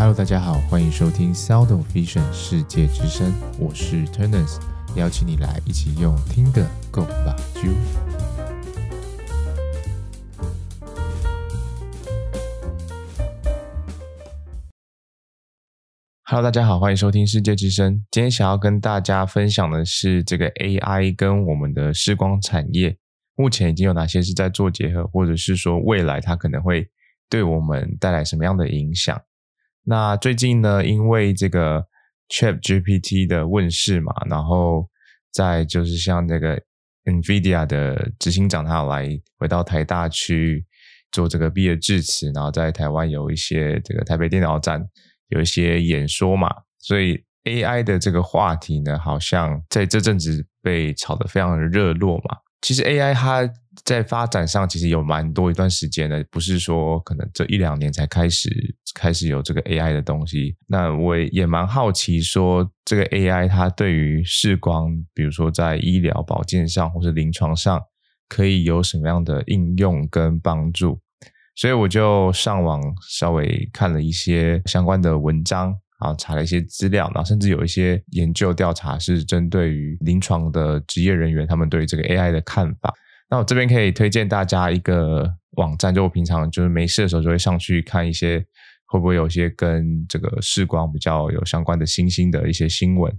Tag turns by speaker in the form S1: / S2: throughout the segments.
S1: Hello，大家好，歡迎收聽 Sound Vision 世界之聲，我是 Turners，邀請你來一起用聽的 Go 吧，就。Hello，大家好，歡迎收聽世界之聲。今天想要跟大家分享的是這個 AI 跟我們的視光產業，目前已經有哪些是在做結合，或者是說未來它可能會對我們帶來什麼樣的影響？那最近呢，因為這個 ChatGPT 的問世嘛，然後再就是像這個 NVIDIA 的執行長，他有來回到台大去做這個畢業致辭，然後在台灣有一些這個台北電腦展有一些演說嘛，所以 AI 的這個話題呢，好像在這陣子被炒得非常的熱絡嘛。其實 AI 它。在發展上，其實有蠻多一段時間的，不是說可能這一兩年才開始開始有這個 AI 的東西。那我也蠻好奇說，說這個 AI 它對於視光，比如說在醫療保健上或者臨床上，可以有什麼樣的應用跟幫助？所以我就上網稍微看了一些相關的文章，啊，查了一些資料，然後甚至有一些研究調查是針對於臨床的職業人員，他們對於這個 AI 的看法。那我這邊可以推薦大家一個網站，就我平常就是沒事的時候就會上去看一些，會不會有些跟這個視光比較有相關的新興的一些新聞。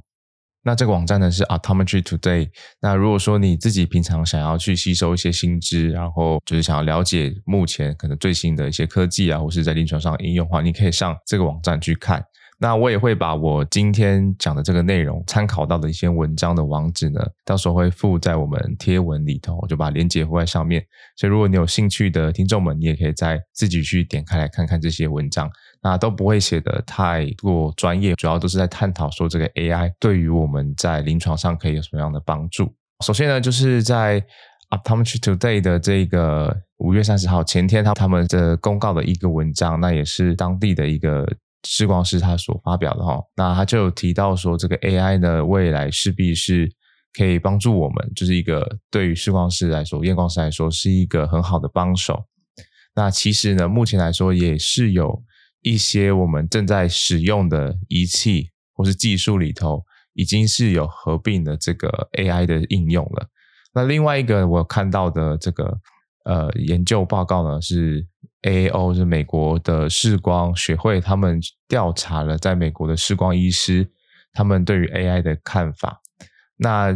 S1: 那這個網站呢是 Optometry Today。那如果說你自己平常想要去吸收一些新知，然後就是想要了解目前可能最新的一些科技啊，或是在臨床上應用的話，你可以上這個網站去看。那我也會把我今天講的這個內容參考到的一些文章的網址呢，到時候會附在我們貼文裡頭，我就把鏈接附在上面。所以如果你有興趣的聽眾們，你也可以再自己去點開來看看這些文章。那都不會寫的太過專業，主要都是在探討說這個 AI 對於我們在臨床上可以有什麼樣的幫助。首先呢，就是在 Optometry Today 的這個五月三十號前天，他他們的公告的一個文章，那也是當地的一個。視光師他所發表的哈，那他就有提到說，這個 AI 呢，未來勢必是可以幫助我們，就是一個對於視光師來說、驗光師來說是一個很好的幫手。那其實呢，目前來說也是有一些我們正在使用的儀器或是技術裡頭，已經是有合併的這個 AI 的應用了。那另外一個我看到的這個。呃，研究報告呢是 AAO 是美國的視光學會，他們調查了在美國的視光醫師，他們對於 AI 的看法。那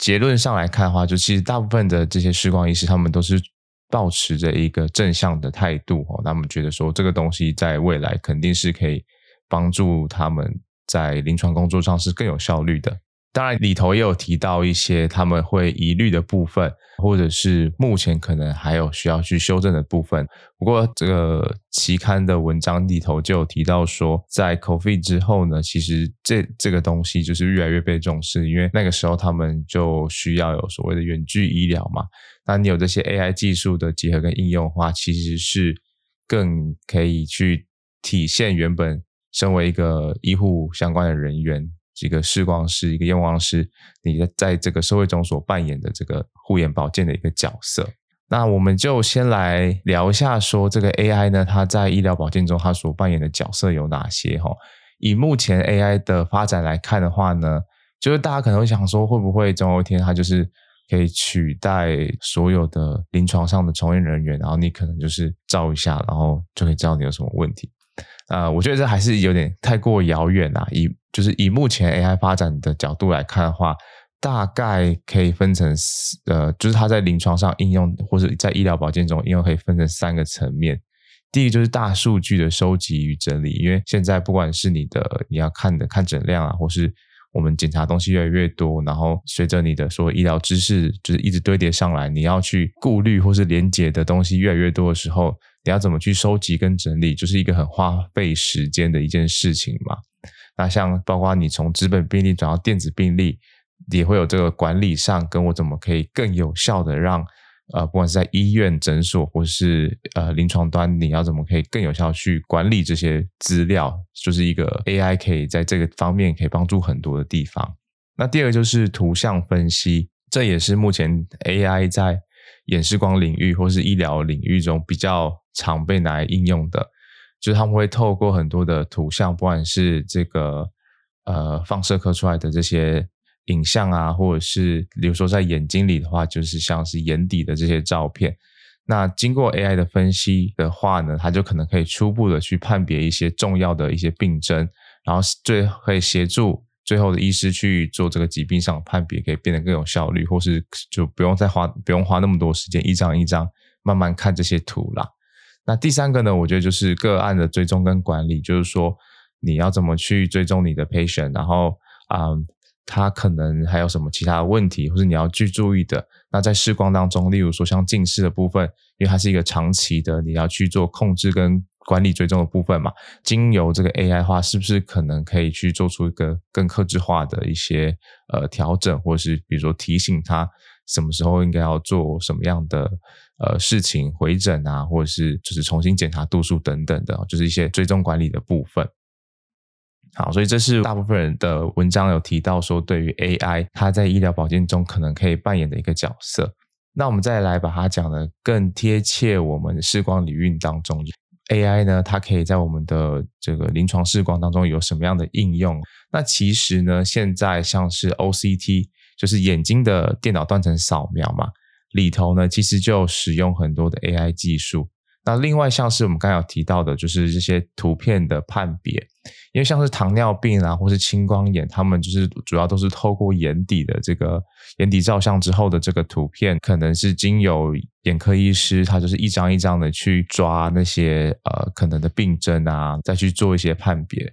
S1: 結論上來看的話，就其實大部分的這些視光醫師，他們都是抱持着一個正向的態度哦，他們覺得說這個東西在未來肯定是可以幫助他們在臨床工作上是更有效率的。當然，裡頭也有提到一些他們會疑慮的部分，或者是目前可能還有需要去修正的部分。不過，這個期刊的文章裡頭就有提到說，在 COVID 之後呢，其實這這個東西就是越來越被重視，因為那個時候他們就需要有所謂的遠距醫療嘛。那你有這些 AI 技術的結合跟應用的話，其實是更可以去體現原本身為一個醫護相關的人員。一個視光師，一個驗光師，你的在這個社會中所扮演的這個護眼保健的一個角色。那我們就先來聊一下，說這個 AI 呢，它在醫療保健中它所扮演的角色有哪些？哈，以目前 AI 的發展來看的話呢，就是大家可能會想說，會不會總有一天它就是可以取代所有的臨床上的從業人員，然後你可能就是照一下，然後就可以知道你有什麼問題。啊、呃，我覺得這還是有點太過遙遠了，啊。以就是以目前 AI 發展的角度來看的話，大概可以分成呃，就是它在臨床上應用，或者在醫療保健中應用，可以分成三個層面。第一就是大數據的收集與整理，因為現在不管是你的你要看的看診量啊，或是我們檢查東西越來越多，然後隨着你的所謂醫療知識就是一直堆疊上來，你要去顧慮或是連結的東西越來越多的時候。你要怎麼去收集跟整理，就是一個很花費時間的一件事情嘛。那像包括你從紙本病歷轉到電子病歷，也會有這個管理上，跟我怎麼可以更有效的讓呃，不管是在醫院、診所或是呃臨床端，你要怎麼可以更有效去管理這些資料，就是一個 AI 可以在這個方面可以幫助很多的地方。那第二個就是圖像分析，這也是目前 AI 在眼視光領域或是醫療領域中比較。常被拿來應用的，就是他們會透過很多的圖像，不管是這個呃放射科出來的這些影像啊，或者是比如說在眼睛裡的話，就是像是眼底的這些照片。那經過 AI 的分析的話呢，它就可能可以初步的去判別一些重要的一些病症，然後最可以協助最後的醫師去做這個疾病上的判別，可以變得更有效率，或是就不用再花，不用花那麼多時間，一張一張慢慢看這些圖啦。那第三個呢？我覺得就是個案的追蹤跟管理，就是說你要怎麼去追蹤你的 patient，然後啊、嗯，他可能還有什麼其他的問題，或者你要去注意的。那在視光當中，例如說像近視的部分，因為它是一個長期的，你要去做控制跟管理追蹤的部分嘛。經由這個 AI 化，是不是可能可以去做出一個更客製化的一些呃調整，或是比如說提醒他。什麼時候應該要做什麼樣的呃事情回診啊，或者是就是重新檢查度數等等的，就是一些追蹤管理的部分。好，所以這是大部分人的文章有提到說，對於 AI 它在醫療保健中可能可以扮演的一個角色。那我們再來把它講的更貼切，我們的視光領域當中，AI 呢它，可以在我們的這個臨床視光當中有什麼樣的應用？那其實呢，現在像是 OCT。就是眼睛的電腦斷層掃描嘛，裡頭呢其實就使用很多的 AI 技術。那另外像是我們剛才有提到的，就是這些圖片的判別，因為像是糖尿病啊，或是青光眼，他們就是主要都是透過眼底的這個眼底照相之後的這個圖片，可能是經由眼科醫師，他就是一張一張的去抓那些呃可能的病症啊，再去做一些判別。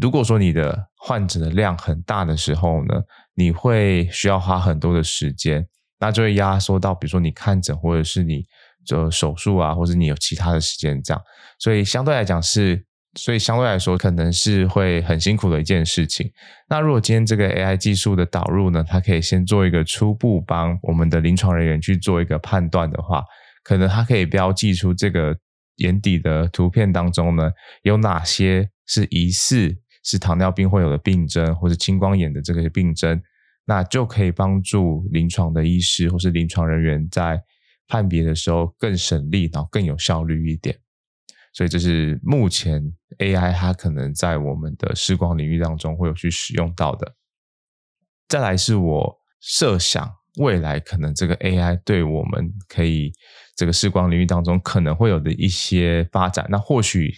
S1: 如果說你的患者的量很大的時候呢，你會需要花很多的時間，那就會壓縮到比如說你看診或者是你做手術啊，或者你有其他的時間這樣，所以相對來講是，所以相對來說可能是會很辛苦的一件事情。那如果今天這個 AI 技術的導入呢，它可以先做一個初步幫我們的臨床人員去做一個判斷的話，可能它可以標記出這個眼底的圖片當中呢，有哪些是疑似。是糖尿病會有的病症，或者青光眼的這個病症，那就可以幫助臨床的醫師或是臨床人員在判別的時候更省力，然後更有效率一點。所以這是目前 AI 它可能在我們的視光領域當中會有去使用到的。再來是我設想，未來可能這個 AI 對我們可以，這個視光領域當中可能會有的一些發展，那或許。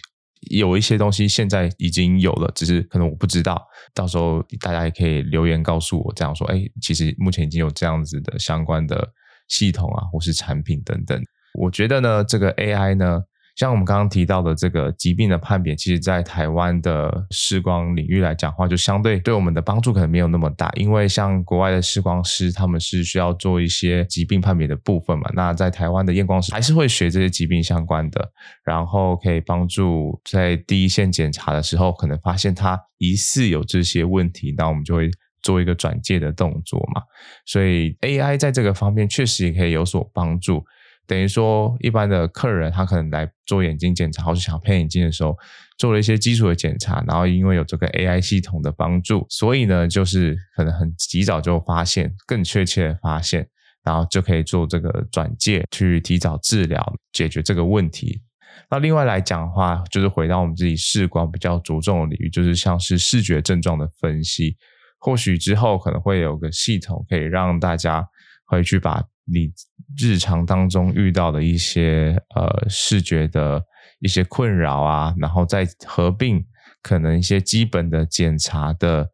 S1: 有一些東西現在已經有了，只是可能我不知道。到時候大家也可以留言告訴我，這樣說，哎、欸，其實目前已經有這樣子的相關的系統啊，或是產品等等。我覺得呢，這個 AI 呢。像我們剛剛提到的這個疾病的判別，其實，在台灣的視光領域來講的話，就相對對我們的幫助可能沒有那麼大。因為像國外的視光師，他們是需要做一些疾病判別的部分嘛。那在台灣的驗光師還是會學這些疾病相關的，然後可以幫助在第一線檢查的時候，可能發現他疑似有這些問題，那我們就會做一個轉介的動作嘛。所以 AI 在這個方面確實也可以有所幫助。等於說，一般的客人他可能來做眼睛檢查，或者想配眼鏡的時候，做了一些基礎的檢查，然後因為有這個 AI 系統的幫助，所以呢，就是可能很及早就發現，更確切的發現，然後就可以做這個轉介去提早治療，解決這個問題。那另外來講的話，就是回到我們自己視光比較着重的領域，就是像是視覺症狀的分析，或許之後可能會有個系統可以讓大家回去把。你日常當中遇到的一些呃視覺的一些困擾啊，然後再合併可能一些基本的檢查的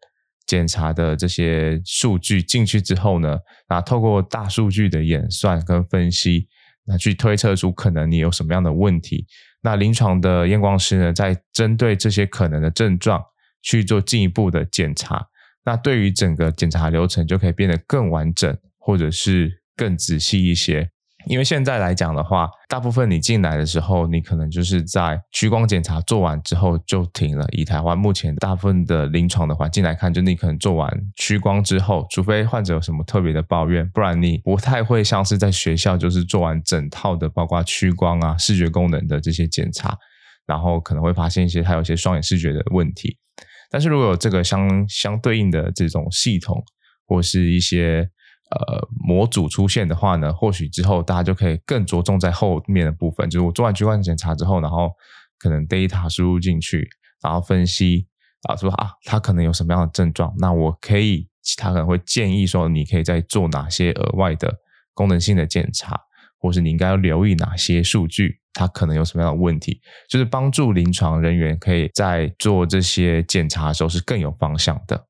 S1: 檢查的這些數據進去之後呢，那透過大數據的演算跟分析，那去推測出可能你有什麼樣的問題。那臨床的驗光師呢，在針對這些可能的症狀去做進一步的檢查，那對於整個檢查流程就可以變得更完整，或者是。更仔細一些，因為現在來講的話，大部分你進來的時候，你可能就是在屈光檢查做完之後就停了。以台灣目前大部分的臨床的環境來看，就你可能做完屈光之後，除非患者有什麼特別的抱怨，不然你不太會像是在學校就是做完整套的，包括屈光啊、視覺功能的這些檢查，然後可能會發現一些還有一些雙眼視覺的問題。但是如果有這個相相對應的這種系統或是一些。呃，模組出現的話呢，或許之後大家就可以更着重在後面的部分。就是我做完屈光檢查之後，然後可能 data 輸入進去，然後分析啊，說啊，他可能有什麼樣的症狀？那我可以，其他可能會建議說，你可以再做哪些額外的功能性的檢查，或是你應該要留意哪些數據，它可能有什麼樣的問題？就是幫助臨床人員可以在做這些檢查的時候是更有方向的。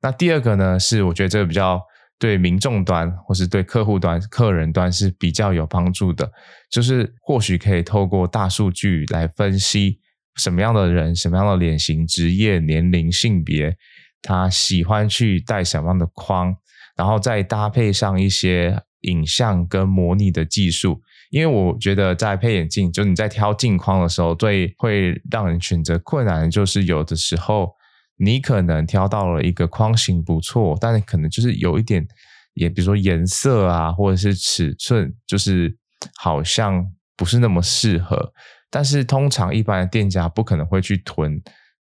S1: 那第二個呢，是我覺得這個比較。對民眾端，或是對客戶端、客人端是比較有幫助的，就是或許可以透過大數據來分析什麼樣的人、什麼樣的臉型、職業、年齡、性別，他喜歡去戴什麼樣的框，然後再搭配上一些影像跟模擬的技術。因為我覺得在配眼鏡，就是你在挑鏡框的時候，最會讓人選擇困難的就是有的時候。你可能挑到了一個框型不錯，但是可能就是有一點，也比如說顏色啊，或者是尺寸，就是好像不是那麼適合。但是通常一般的店家不可能會去囤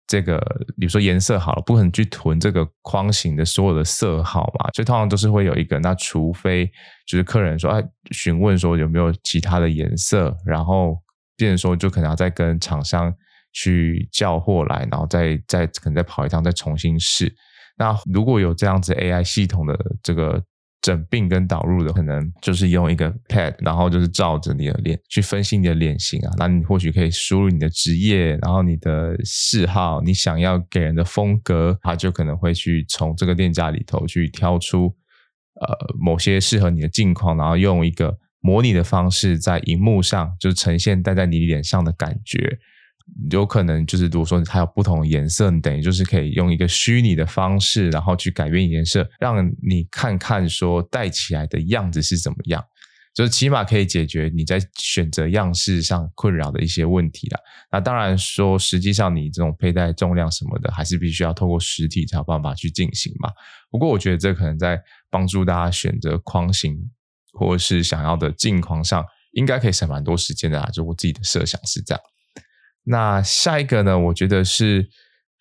S1: 這個，比如說顏色好了，不可能去囤這個框型的所有的色號嘛。所以通常都是會有一個，那除非就是客人說哎，詢問說有沒有其他的顏色，然後店員說就可能要再跟廠商。去叫貨來，然後再再可能再跑一趟，再重新試。那如果有這樣子 AI 系統的這個診病跟導入的，可能就是用一個 pad，然後就是照着你的臉去分析你的臉型啊。那你或許可以輸入你的職業，然後你的嗜好，你想要給人的風格，他就可能會去從這個店家裡頭去挑出呃某些適合你的鏡框，然後用一個模擬的方式在熒幕上就是呈現戴在你臉上的感覺。有可能就是，如果說它有不同的顏色，你等於就是可以用一個虛擬的方式，然後去改變顏色，讓你看看說戴起來的樣子是怎麼樣。就是起碼可以解決你在選擇樣式上困擾的一些問題了。那當然說，實際上你這種佩戴重量什麼的，還是必須要透過實體才有辦法去進行嘛。不過我覺得這可能在幫助大家選擇框型或者是想要的鏡框上，應該可以省蠻多時間的啦，就我自己的設想是這樣。那下一個呢？我覺得是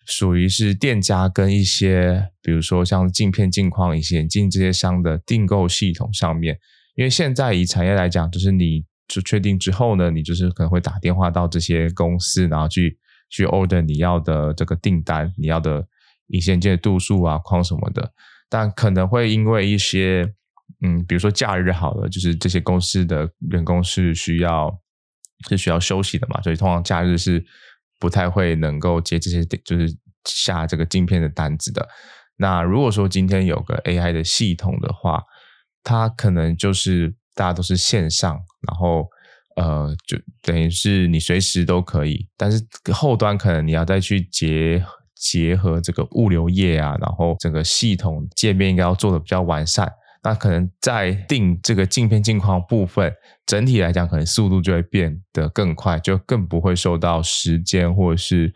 S1: 屬於是店家，跟一些，比如說像鏡片、鏡框、隱形眼鏡這些商的訂購系統上面。因為現在以產業來講，就是你就確定之後呢，你就是可能會打電話到這些公司，然後去去 order 你要的這個訂單，你要的隱形眼鏡度數啊、框什麼的。但可能會因為一些，嗯，比如說假日好了，就是這些公司的員工是需要。是需要休息的嘛，所以通常假日是不太會能夠接這些就是下這個鏡片的單子的。那如果說今天有個 AI 的系統的話，它可能就是大家都是線上，然後呃，就等於是你隨時都可以，但是後端可能你要再去結結合這個物流業啊，然後整個系統界面應該要做的比較完善。那可能在定這個鏡片鏡框部分，整體來講，可能速度就會變得更快，就更不會受到時間或者是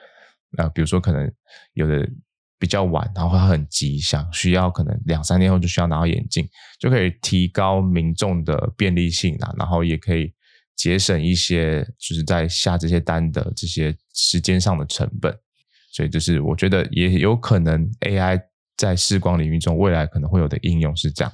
S1: 呃，比如說可能有的比較晚，然後會很急，想需要可能兩三天後就需要拿到眼鏡，就可以提高民眾的便利性啊，然後也可以節省一些就是在下這些單的這些時間上的成本。所以，就是我覺得也有可能 AI 在視光領域中未來可能會有的應用是這樣。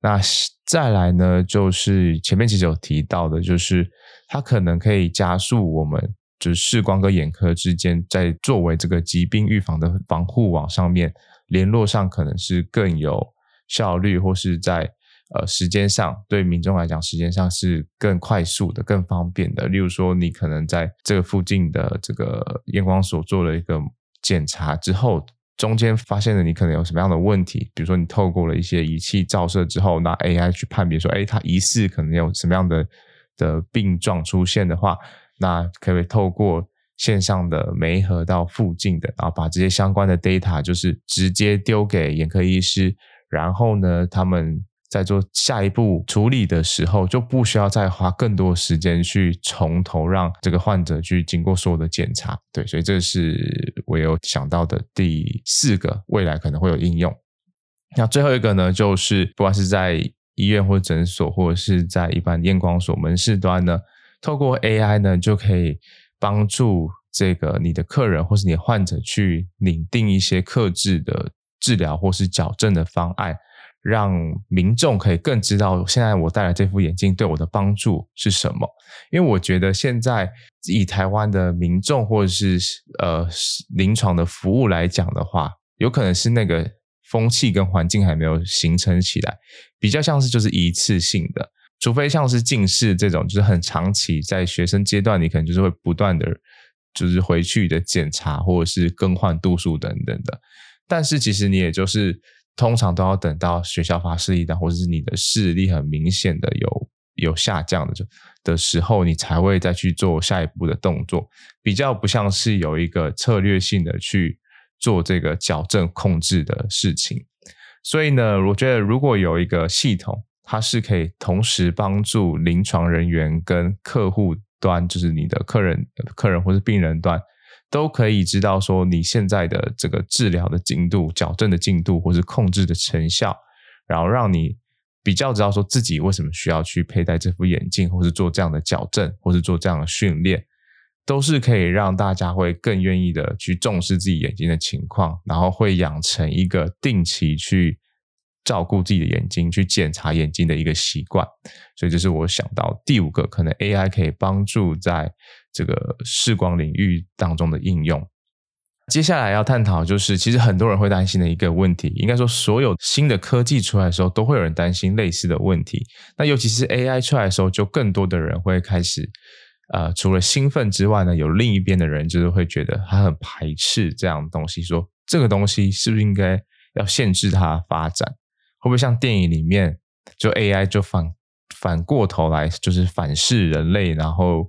S1: 那再來呢，就是前面其實有提到的，就是它可能可以加速我們就是視光跟眼科之間在作為這個疾病預防的防護網上面聯絡上，可能是更有效率，或是在，在呃時間上對民眾來講，時間上是更快速的、更方便的。例如說，你可能在這個附近的這個驗光所做了一個檢查之後。中間發現了你可能有什麼樣的問題，比如說你透過了一些儀器照射之後，拿 AI 去判別說，哎，它疑似可能有什麼樣的的病狀出現的話，那可，可以透過線上的媒合到附近的，然後把這些相關的 data 就是直接丟給眼科醫師，然後呢，他們。在做下一步處理的時候，就不需要再花更多時間去從頭讓這個患者去經過所有的檢查，對，所以這是我有想到的第四個未來可能會有應用。那最後一個呢，就是不管是在醫院或診所，或者是在一般驗光所門市端呢，透過 AI 呢，就可以幫助這個你的客人或是你的患者去擬定一些客製的治療或是矯正的方案。讓民眾可以更知道，現在我戴了這副眼鏡對我的幫助是什麼？因為我覺得現在以台灣的民眾或者是呃臨床的服務來講的話，有可能是那個風氣跟環境還沒有形成起來，比較像是就是一次性的，除非像是近視這種，就是很長期在學生階段，你可能就是會不斷的，就是回去的檢查或者是更換度數等等的。但是其實你也就是。通常都要等到學校發視力單或者是你的視力很明顯的有有下降的就的時候，你才會再去做下一步的動作。比較不像是有一個策略性的去做這個矯正控制的事情。所以呢，我覺得如果有一個系統，它是可以同時幫助臨床人員跟客戶端，就是你的客人、客人或是病人端。都可以知道說你現在的這個治療的進度、矯正的進度，或是控制的成效，然後讓你比較知道說自己為什麼需要去佩戴這副眼鏡，或是做這樣的矯正，或是做這樣的訓練，都是可以讓大家會更願意的去重視自己眼睛的情況，然後會養成一個定期去照顧自己的眼睛、去檢查眼睛的一個習慣。所以，這是我想到第五個可能 AI 可以幫助在。這個視光領域當中的應用，接下來要探討就是，其實很多人會擔心的一個問題，應該說，所有新的科技出來的時候，都會有人擔心類似的問題。那尤其是 AI 出來的時候，就更多的人會開始，呃，除了興奮之外呢，有另一邊的人就是會覺得他很排斥這樣的東西，說這個東西是不是應該要限制它的發展？會不會像電影裡面，就 AI 就反反過頭來，就是反噬人類，然後，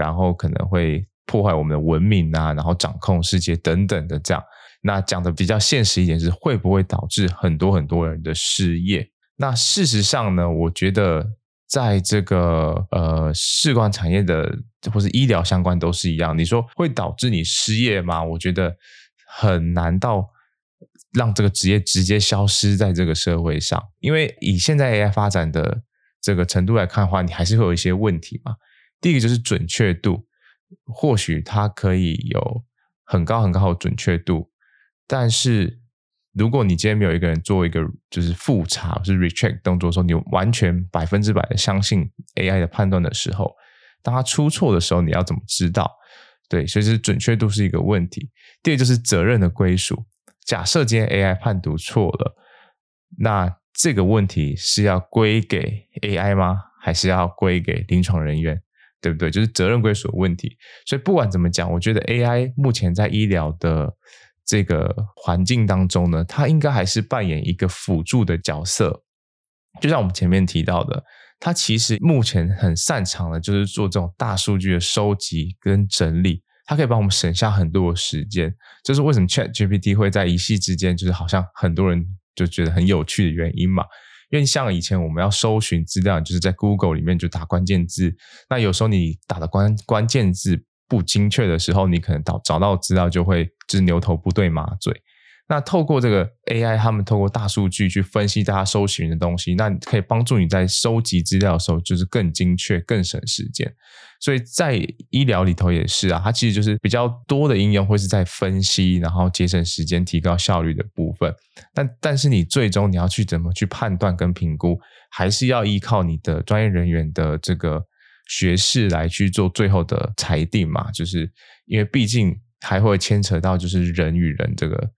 S1: 然後可能會破壞我們的文明啊，然後掌控世界等等的這樣。那講的比較現實一點是，會不會導致很多很多人的失業？那事實上呢，我覺得在這個呃，視光產業的或是醫療相關都是一樣。你說會導致你失業嗎？我覺得很難到讓這個職業直接消失在這個社會上，因為以現在 AI 發展的這個程度來看的話，你還是會有一些問題嘛。第一個就是準確度，或許它可以有很高很高的準確度，但是如果你今天沒有一個人做一個就是複查、就是 recheck 動作的時候，你完全百分之百的相信 AI 的判斷的時候，當它出錯的時候，你要怎麼知道？對，所以是準確度是一個問題。第二就是責任的歸屬，假設今天 AI 判讀錯了，那這個問題是要歸給 AI 嗎？還是要歸給臨床人員？對不對？就是責任歸屬的問題。所以不管怎麼講，我覺得 AI 目前在醫療的這個環境當中呢，它應該還是扮演一個輔助的角色。就像我們前面提到的，它其實目前很擅長的，就是做這種大數據的收集跟整理。它可以幫我們省下很多的時間，這、就是為什麼 ChatGPT 會在一夕之間，就是好像很多人就覺得很有趣的原因嘛。因為像以前我們要搜尋資料，就是在 Google 裡面就打關鍵字。那有時候你打的關關鍵字不精確的時候，你可能到找到資料就會就是牛頭不對馬嘴。那透過這個 AI，他們透過大數據去分析大家搜尋的東西，那可以幫助你在收集資料的時候，就是更精確、更省時間。所以在醫療裡頭也是啊，它其實就是比較多的應用，會是在分析，然後節省時間、提高效率的部分。但但是你最終你要去怎麼去判斷跟評估，還是要依靠你的專業人員的這個學識來去做最後的裁定嘛，就是因為畢竟還會牽扯到就是人與人這個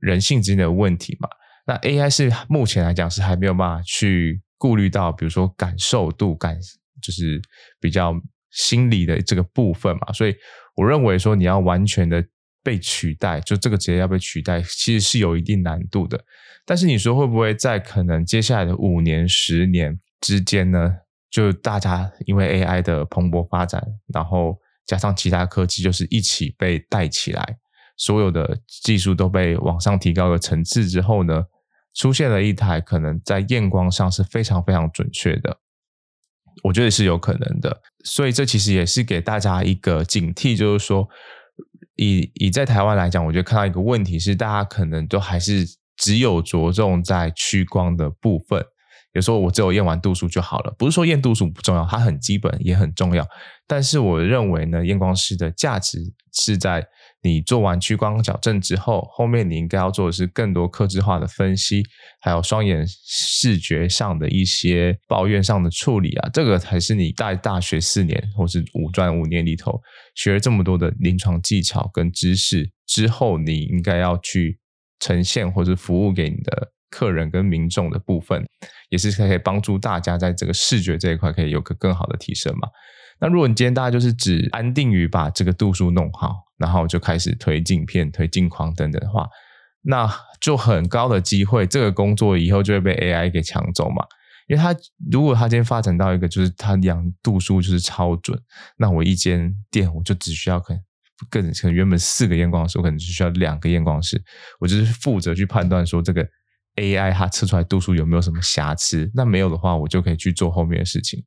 S1: 人性之間的問題嘛。那 AI 是目前來講是還沒有辦法去顧慮到，比如說感受度感，就是比較。心理的這個部分嘛，所以我認為說你要完全的被取代，就這個職業要被取代，其實是有一定難度的。但是你說會不會在可能接下來的五年、十年之間呢？就大家因為 AI 的蓬勃發展，然後加上其他科技，就是一起被帶起來，所有的技術都被往上提高了層次之後呢，出現了一台可能在驗光上是非常非常準確的，我覺得是有可能的。所以這其實也是給大家一個警惕，就是說，以以在台灣來講，我覺得看到一個問題是，是大家可能都還是只有着重在屈光的部分，有時候我只有驗完度數就好了，不是說驗度數不重要，它很基本也很重要，但是我認為呢，驗光師的價值是在。你做完屈光矯正之後，後面你應該要做的是更多客製化的分析，還有雙眼視覺上的一些抱怨上的處理啊，這個才是你在大學四年或是五專五年裡頭學了這麼多的臨床技巧跟知識之後，你應該要去呈現或是服務給你的客人跟民眾的部分，也是可以幫助大家在這個視覺這一塊可以有個更好的提升嘛。那如果你今天大家就是只安定於把這個度數弄好，然後就開始推鏡片、推鏡框等等的話，那就很高的機會，這個工作以後就會被 AI 給搶走嘛。因為他如果他今天發展到一個，就是他量度數就是超準，那我一間店我就只需要可能更可能原本四個驗光師，我可能只需要兩個驗光師，我就是負責去判斷說這個 AI 它測出來度數有沒有什麼瑕疵，那沒有的話，我就可以去做後面的事情。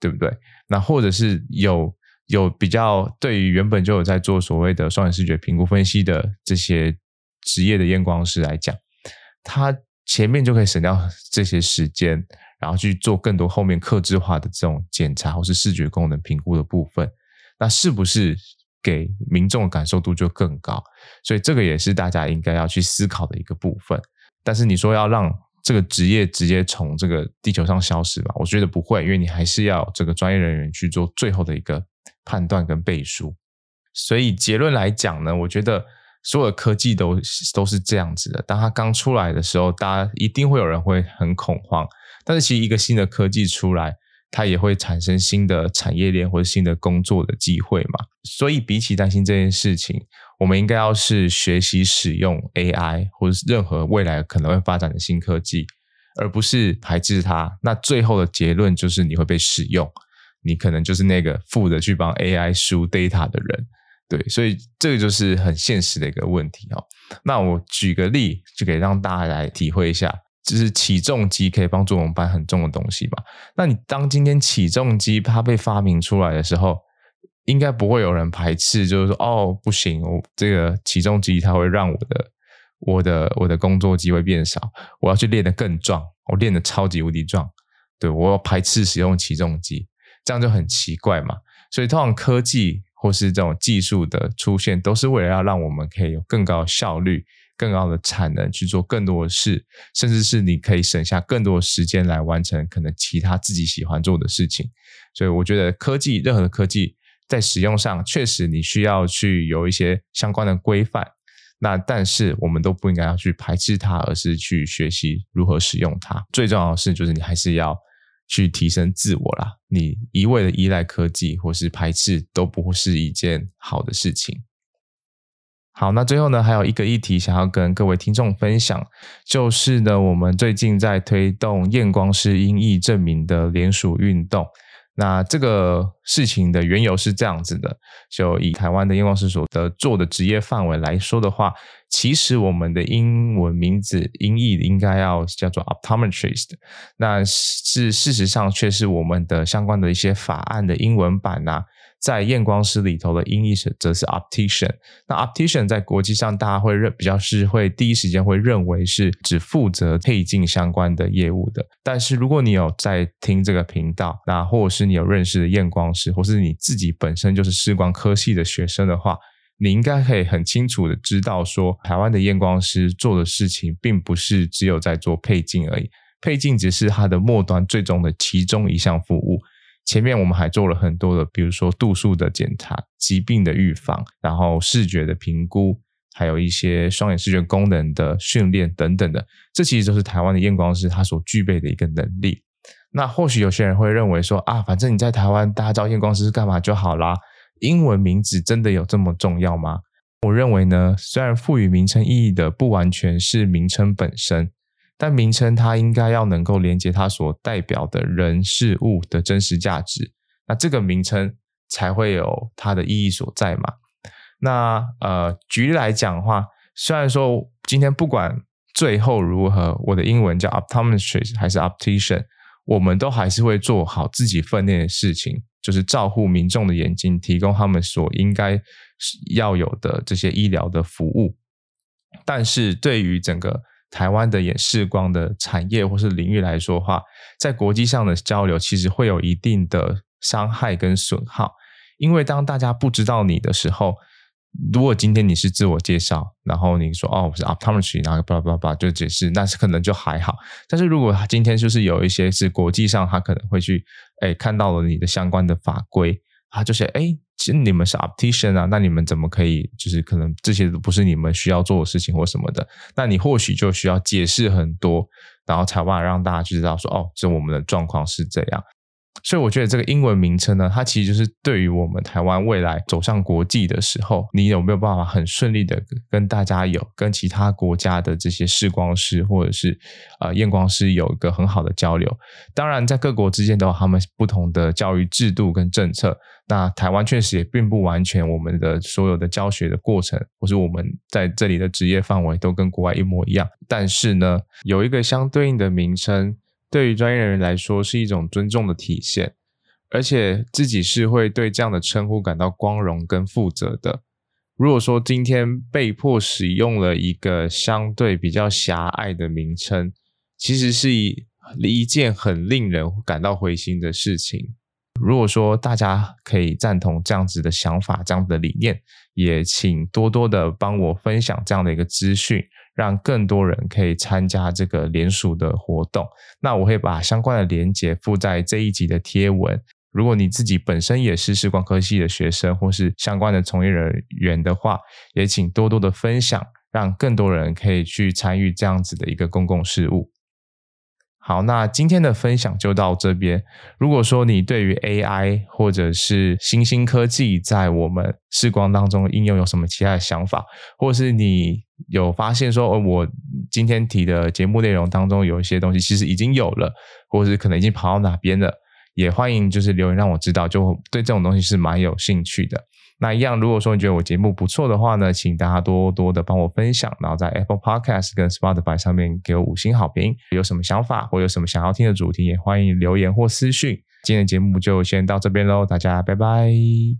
S1: 對不對？那或者是有有比較對於原本就有在做所謂的雙眼視覺評估分析的這些職業的驗光師來講，他前面就可以省掉這些時間，然後去做更多後面客製化的這種檢查或是視覺功能評估的部分，那是不是給民眾的感受度就更高？所以這個也是大家應該要去思考的一個部分。但是你說要讓這個職業直接從這個地球上消失吧？我覺得不會，因為你還是要這個專業人員去做最後的一個判斷跟背書。所以結論來講呢，我覺得所有的科技都都是這樣子的。當它剛出來的時候，大家一定會有人會很恐慌，但是其實一個新的科技出來。它也會產生新的產業鏈或者新的工作的機會嘛，所以比起擔心這件事情，我們應該要是學習使用 AI 或者是任何未來可能會發展的新科技，而不是排斥它。那最後的結論就是，你會被使用，你可能就是那個負責去幫 AI 輸 data 的人。對，所以這個就是很現實的一個問題哦。那我舉個例，就可以讓大家來體會一下。就是起重機可以幫助我們搬很重的東西嘛。那你當今天起重機它被發明出來的時候，應該不會有人排斥，就是說哦，不行，我這個起重機它會讓我的我的我的工作機會變少，我要去練得更壯，我練得超級無敵壯，對，我要排斥使用起重機，這樣就很奇怪嘛。所以通常科技或是這種技術的出現，都是為了要讓我們可以有更高的效率。更高的產能去做更多的事，甚至是你可以省下更多的時間來完成可能其他自己喜歡做的事情。所以，我覺得科技，任何的科技在使用上確實你需要去有一些相關的規範。那但是我們都不應該要去排斥它，而是去學習如何使用它。最重要的是，就是你還是要去提升自我啦。你一味的依賴科技或是排斥，都不是一件好的事情。好，那最後呢，還有一個議題想要跟各位聽眾分享，就是呢，我們最近在推動驗光師英譯正名的聯署運動。那這個事情的緣由是這樣子的，就以台灣的驗光師所的做的職業範圍來說的話，其實我們的英文名字英譯應該要叫做 optometrist，那是事實上卻是我們的相關的一些法案的英文版吶、啊。在驗光師裡頭的英譯是，則是 optician。那 optician 在國際上，大家會認比較是會第一時間會認為是只負責配鏡相關的業務的。但是如果你有在聽這個頻道，那或者是你有認識的驗光師，或是你自己本身就是視光科系的學生的話，你應該可以很清楚的知道說，台灣的驗光師做的事情，並不是只有在做配鏡而已，配鏡只是它的末端最終的其中一項服務。前面我們還做了很多的，比如說度數的檢查、疾病的預防，然後視覺的評估，還有一些雙眼視覺功能的訓練等等的。這其實就是台灣的驗光師他所具備的一個能力。那或許有些人會認為說啊，反正你在台灣大家知道驗光師是幹嘛就好啦，英文名字真的有這麼重要嗎？我認為呢，雖然賦予名稱意義的不完全是名稱本身。但名稱它應該要能夠連接它所代表的人事物的真實價值，那這個名稱才會有它的意義所在嘛。那呃，舉例來講的話，雖然說今天不管最後如何，我的英文叫 optometrist 還是 optician，我們都還是會做好自己分內的事情，就是照護民眾的眼睛，提供他們所應該要有的這些醫療的服務。但是對於整個台灣的眼視光的產業或是領域來說的話，在國際上的交流其實會有一定的傷害跟損耗，因為當大家不知道你的時候，如果今天你是自我介紹，然後你說哦我是 Optometry，然後巴拉巴拉就解釋，那是可能就還好。但是如果今天就是有一些是國際上他可能會去哎、欸、看到了你的相關的法規他就是哎。欸其實你們是 optician 啊，那你們怎麼可以就是可能這些都不是你們需要做的事情或什麼的？那你或許就需要解釋很多，然後才忘了讓大家去知道說哦，這我們的狀況是這樣。所以我覺得這個英文名稱呢，它其實就是對於我們台灣未來走上國際的時候，你有沒有辦法很順利的跟大家有跟其他國家的這些視光師或者是，呃，驗光師有一個很好的交流？當然，在各國之間都有他們不同的教育制度跟政策。那台灣確實也並不完全，我們的所有的教學的過程，或是我們在這裡的職業範圍都跟國外一模一樣。但是呢，有一個相對應的名稱。對於專業人員來說，是一種尊重的體現，而且自己是會對這樣的稱呼感到光榮跟負責的。如果說今天被迫使用了一個相對比較狹隘的名稱，其實是一一件很令人感到灰心的事情。如果說大家可以贊同這樣子的想法，這樣子的理念，也請多多的幫我分享這樣的一個資訊。讓更多人可以參加這個聯署的活動，那我會把相關的鏈接附在這一集的貼文。如果你自己本身也是視光科系的學生或是相關的從業人員的話，也請多多的分享，讓更多人可以去參與這樣子的一個公共事務。好，那今天的分享就到這邊。如果說你對於 AI 或者是新興科技在我們視光當中應用有，有什麼其他的想法，或是你有發現說，哦，我今天提的節目內容當中有一些東西其實已經有了，或者是可能已經跑到哪邊了，也歡迎就是留言讓我知道。就對這種東西是蠻有興趣的。那一樣，如果說你覺得我節目不錯的話呢，請大家多多的幫我分享，然後在 Apple Podcast 跟 Spotify 上面給我五星好評。有什麼想法或有什麼想要聽的主題，也歡迎留言或私訊。今天的節目就先到這邊嘍，大家拜拜。